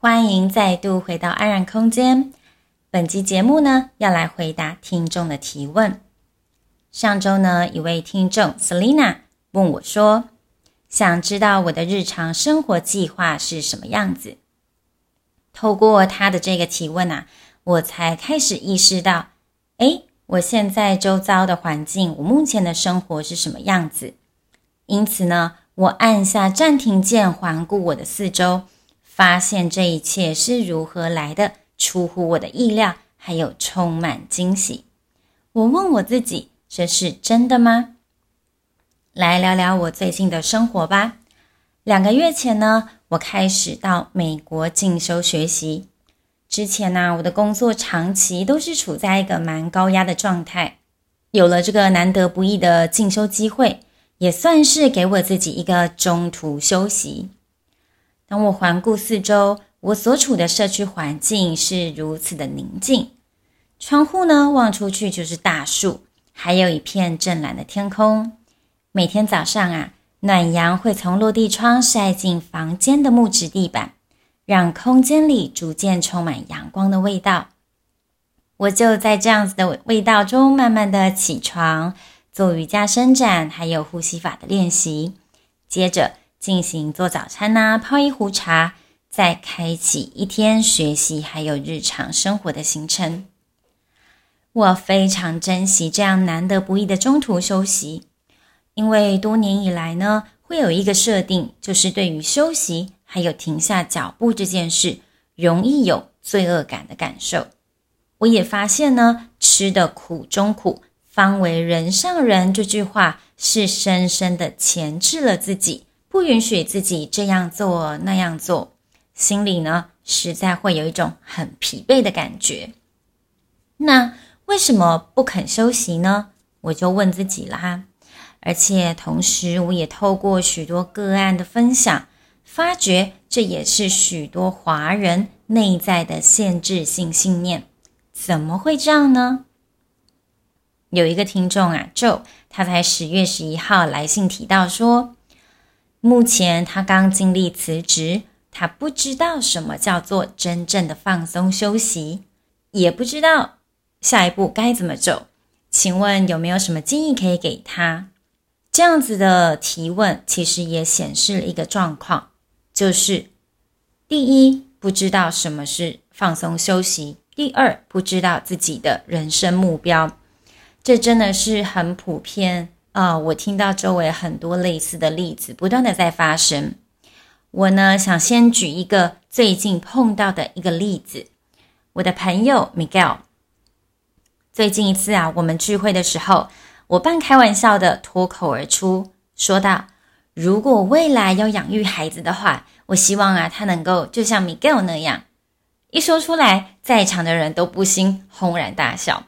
歡迎再度回到安然空間。本集節目呢，要來回答聽眾的提問。上周呢，一位聽眾 Selina 問我說：“想知道我的日常生活計劃是什麼樣子？”透過他的這個提問啊，我才開始意識到，哎，我現在周遭的環境，我目前的生活是什麼樣子。因此呢，我按下暫停鍵，環顧我的四周。發現這一切是如何來的，出乎我的意料，還有充滿驚喜。我問我自己，這是真的嗎？來聊聊我最近的生活吧。兩個月前呢，我開始到美國進修學習。之前呢、啊，我的工作長期都是處在一個蠻高壓的狀態。有了這個難得不易的進修機會，也算是給我自己一個中途休息。當我環顧四周，我所處的社區環境是如此的寧靜。窗戶呢，望出去就是大樹，還有一片湛藍的天空。每天早上啊，暖陽會從落地窗曬進房間的木質地板，讓空間裡逐漸充滿陽光的味道。我就在這樣子的味道中慢慢的起床，做瑜伽伸展，還有呼吸法的練習。接着。進行做早餐吶、啊，泡一壺茶，再開啟一天學習，還有日常生活的行程。我非常珍惜這樣難得不易的中途休息，因為多年以來呢，會有一個設定，就是對於休息還有停下腳步這件事，容易有罪惡感的感受。我也發現呢，“吃的苦中苦，方為人上人”這句話是深深的鉗製了自己。不允許自己這樣做那樣做，心裡呢，實在會有一種很疲憊的感覺。那為什麼不肯休息呢？我就問自己了哈，而且同時我也透過許多個案的分享，發覺這也是許多華人內在的限制性信念。怎麼會這樣呢？有一個聽眾啊，Joe，他在十月十一號來信提到說。目前他剛經歷辭職，他不知道什麼叫做真正的放鬆休息，也不知道下一步該怎麼走。請問有沒有什麼建議可以給他？這樣子的提問其實也顯示了一個狀況，就是第一不知道什麼是放鬆休息，第二不知道自己的人生目標。這真的是很普遍。啊、哦，我聽到周圍很多類似的例子不斷的在發生。我呢，想先舉一個最近碰到的一個例子。我的朋友 Miguel 最近一次啊，我們聚會的時候，我半開玩笑的脫口而出，說道：“如果未來要養育孩子的話，我希望啊，他能夠就像 Miguel 那樣。”一說出來，在場的人都不禁轟然大笑。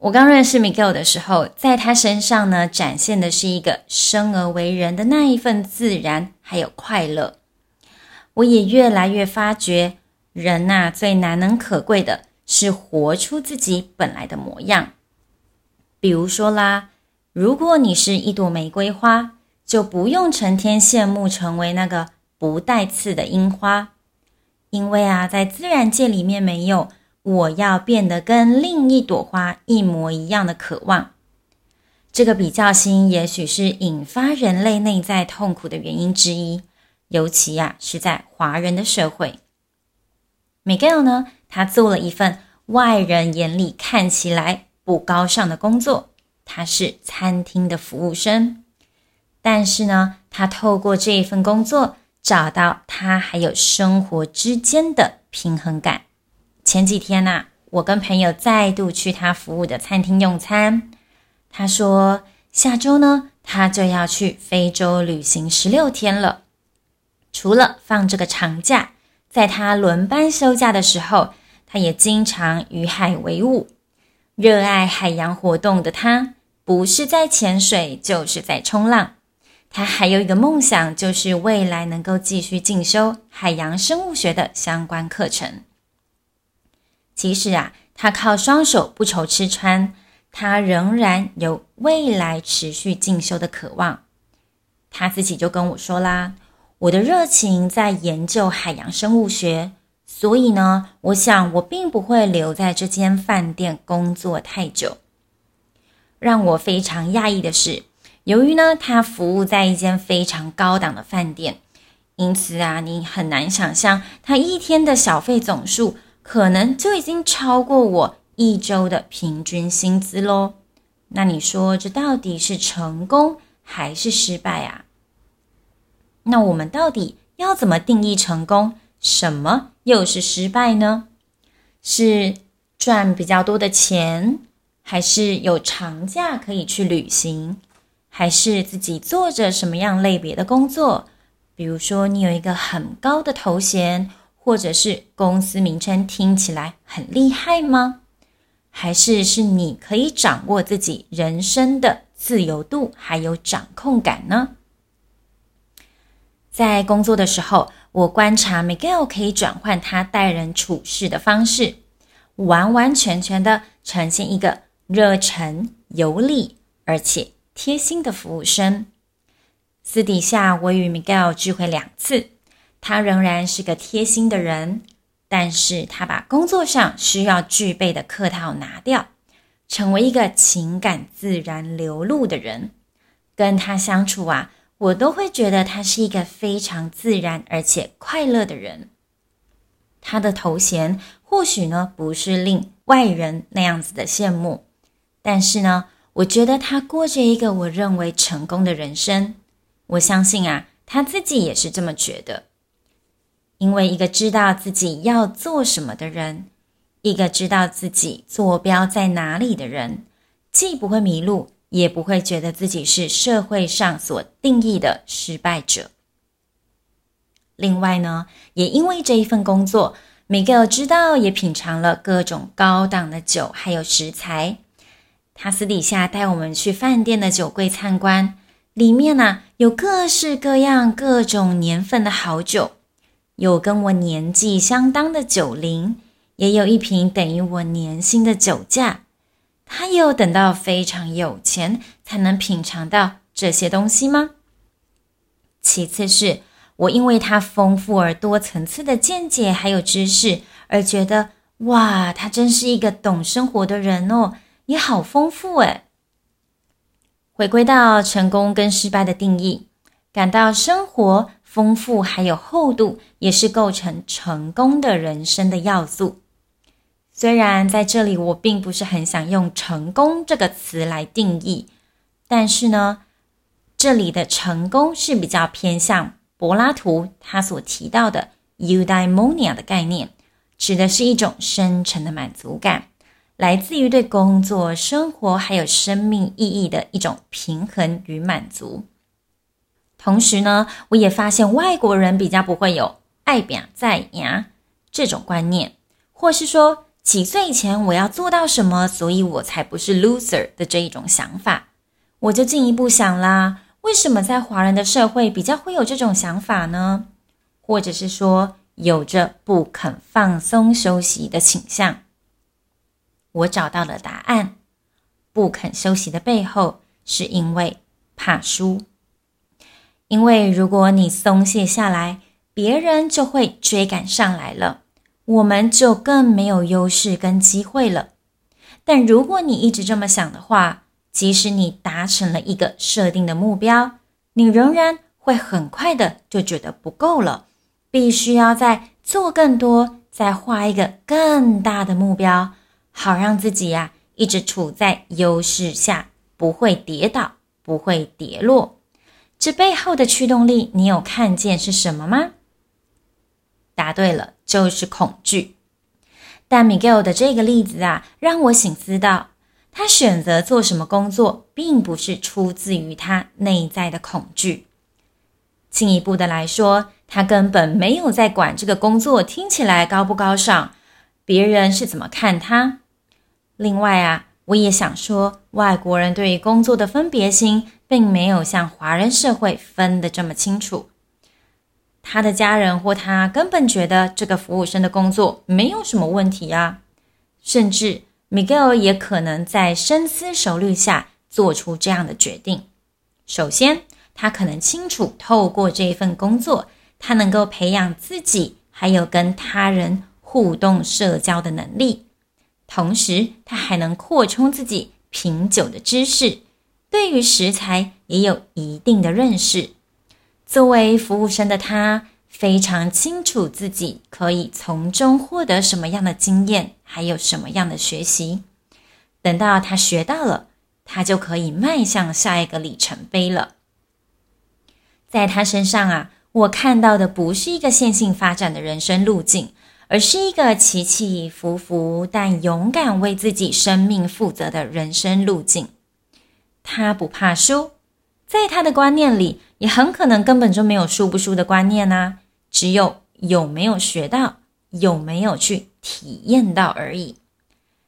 我剛認識 Miguel 的時候，在他身上呢，展現的是一個生而為人的那一份自然還有快樂。我也越來越發覺，人吶，啊，最難能可貴的是活出自己本來的模樣。比如說啦，如果你是一朵玫瑰花，就不用成天羨慕成為那個不帶刺的櫻花，因為啊，在自然界裡面沒有。我要變得跟另一朵花一模一樣的渴望，這個比較心，也許是引發人類內在痛苦的原因之一，尤其呀，啊，是在華人的社會。Miguel 呢，他做了一份外人眼裡看起來不高尚的工作，他是餐廳的服務生，但是呢，他透過這一份工作，找到他還有生活之間的平衡感。前幾天呢、啊，我跟朋友再度去他服務的餐廳用餐。他說，下周呢，他就要去非洲旅行十六天了。除了放這個長假，在他輪班休假的時候，他也經常與海為伍。熱愛海洋活動的他，不是在潛水，就是在衝浪。他還有一個夢想，就是未來能夠繼續進修海洋生物學的相關課程。其實啊，他靠雙手不愁吃穿，他仍然有未來持續進修的渴望。他自己就跟我說啦：“我的熱情在研究海洋生物學，所以呢，我想我並不會留在這間飯店工作太久。”讓我非常訝異的是，由於呢他服務在一間非常高檔的飯店，因此啊，你很難想象他一天的小費總數。可能就已經超過我一周的平均薪資嘍，那你說這到底是成功還是失敗啊？那我們到底要怎麼定義成功？什麼又是失敗呢？是賺比較多的錢，還是有長假可以去旅行，還是自己做着什麼樣類別的工作？比如說你有一個很高的頭銜。或者是公司名稱聽起來很厲害嗎？還是是你可以掌握自己人生的自由度還有掌控感呢？在工作的時候，我觀察 Miguel 可以轉換他待人處事的方式，完完全全的呈現一個熱忱、有禮而且貼心的服務生。私底下我與 Miguel 聚會兩次，他仍然是個貼心的人，但是他把工作上需要具備的客套拿掉，成為一個情感自然流露的人。跟他相處啊，我都會覺得他是一個非常自然而且快樂的人。他的頭銜或許呢，不是令外人那樣子的羨慕，但是呢，我覺得他過着一個我認為成功的人生。我相信啊，他自己也是這麼覺得。因為一個知道自己要做什麼的人，一個知道自己坐標在哪裡的人，既不會迷路，也不會覺得自己是社會上所定義的失敗者。另外呢，也因為這一份工作，Miguel 知道也品嘗了各種高檔的酒還有食材。他私底下帶我們去飯店的酒櫃參觀，裡面呢、啊、有各式各樣各種年份的好酒。有跟我年紀相當的酒齡，也有一瓶等於我年薪的酒價。他也有等到非常有錢才能品嘗到這些東西嗎？其次是我因為他豐富而多層次的見解還有知識而覺得哇，他真是一個懂生活的人哦，你好豐富哎。回歸到成功跟失敗的定義，感到生活，豐富還有厚度，也是構成成功的人生的要素。雖然在這裡我並不是很想用“成功”這個詞來定義，但是呢，這裡的成功是比較偏向柏拉圖他所提到的 Eudaimonia 的概念，指的是一種深沉的滿足感，來自於對工作、生活還有生命意義的一種平衡與滿足。同時呢，我也發現外國人比較不會有“愛表在牙”這種觀念，或是說幾歲以前我要做到什麼，所以我才不是 loser 的這一種想法。我就進一步想啦，為什麼在華人的社會比較會有這種想法呢？或者是說有着不肯放鬆休息的傾向？我找到了答案：不肯休息的背後，是因為怕輸。因為如果你鬆懈下來，別人就會追趕上來了，我們就更沒有優勢跟機會了。但如果你一直這麼想的話，即使你達成了一個設定的目標，你仍然會很快的就覺得不夠了，必須要再做更多，再畫一個更大的目標，好讓自己呀，一直處在優勢下，不會跌倒，不會跌落。這背後的驅動力，你有看見是什麼嗎？答對了，就是恐懼。但 Miguel 的這個例子啊，讓我省思到，他選擇做什麼工作，並不是出自於他內在的恐懼。進一步的來說，他根本沒有在管這個工作，聽起來高不高尚，別人是怎麼看他。另外啊。我也想說，外國人對於工作的分別心，並沒有像華人社會分得這麼清楚。他的家人或他根本覺得這個服務生的工作沒有什麼問題啊，甚至 Miguel 也可能在深思熟慮下做出這樣的決定。首先，他可能清楚透過這一份工作，他能夠培養自己還有跟他人互動社交的能力。同時，他還能擴充自己品酒的知識，對於食材也有一定的認識。作為服務生的他，非常清楚自己可以從中獲得什麼樣的經驗，還有什麼樣的學習。等到他學到了，他就可以邁向下一個里程碑了。在他身上啊，我看到的不是一個線性發展的人生路徑。而是一個起起伏伏，但勇敢為自己生命負責的人生路徑。他不怕輸，在他的觀念裡，也很可能根本就沒有輸不輸的觀念吶、啊，只有有沒有學到，有沒有去體驗到而已。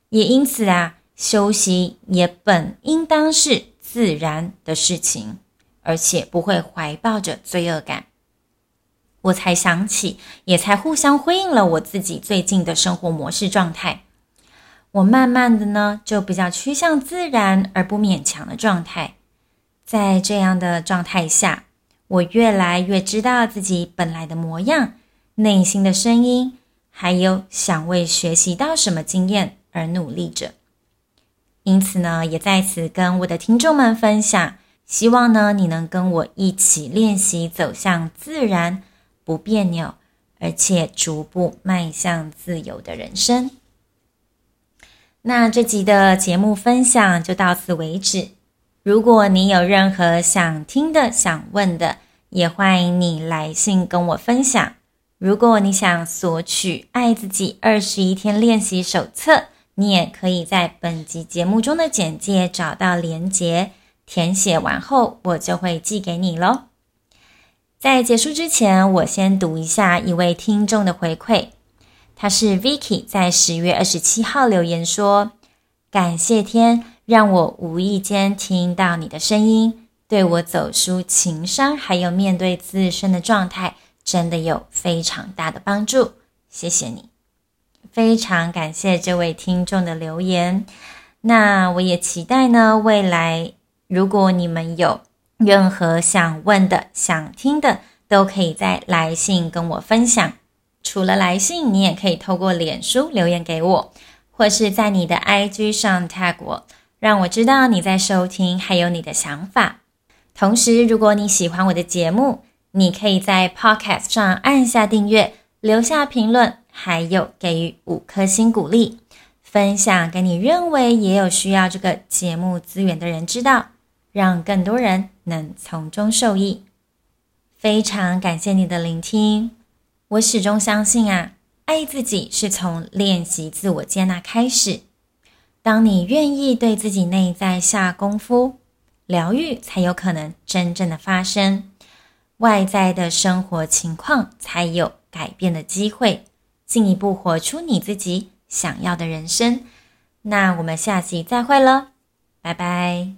也因此啊，休息也本應當是自然的事情，而且不會懷抱着罪惡感。我才想起，也才互相呼應了我自己最近的生活模式狀態。我慢慢的呢，就比較趨向自然而不勉強的狀態。在這樣的狀態下，我越來越知道自己本來的模樣、內心的聲音，還有想為學習到什麼經驗而努力着。因此呢，也在此跟我的聽眾們分享，希望呢，你能跟我一起練習走向自然。不彆扭，而且逐步邁向自由的人生。那這集的節目分享就到此為止。如果你有任何想聽的、想問的，也歡迎你來信跟我分享。如果你想索取《愛自己二十一天練習手冊》，你也可以在本集節目中的簡介找到鏈接，填寫完後我就會寄給你嘍。在結束之前，我先讀一下一位聽眾的回饋。他是 Vicky，在十月二十七號留言說：“感謝天讓我無意間聽到你的聲音，對我走出情傷，還有面對自身的狀態，真的有非常大的幫助。謝謝你，非常感謝這位聽眾的留言。那我也期待呢，未來如果你們有。”任何想問的、想聽的，都可以在來信跟我分享。除了來信，你也可以透過臉書留言給我，或是在你的 IG 上 tag 我，讓我知道你在收聽還有你的想法。同時，如果你喜歡我的節目，你可以在 Podcast 上按下訂閱、留下評論，還有給予五顆星鼓勵，分享給你認為也有需要這個節目資源的人知道，讓更多人。能從中受益，非常感謝你的聆聽。我始終相信啊，愛自己是從練習自我接納開始。當你願意對自己內在下功夫，療癒才有可能真正的發生，外在的生活情況才有改變的機會，進一步活出你自己想要的人生。那我們下集再會了，拜拜。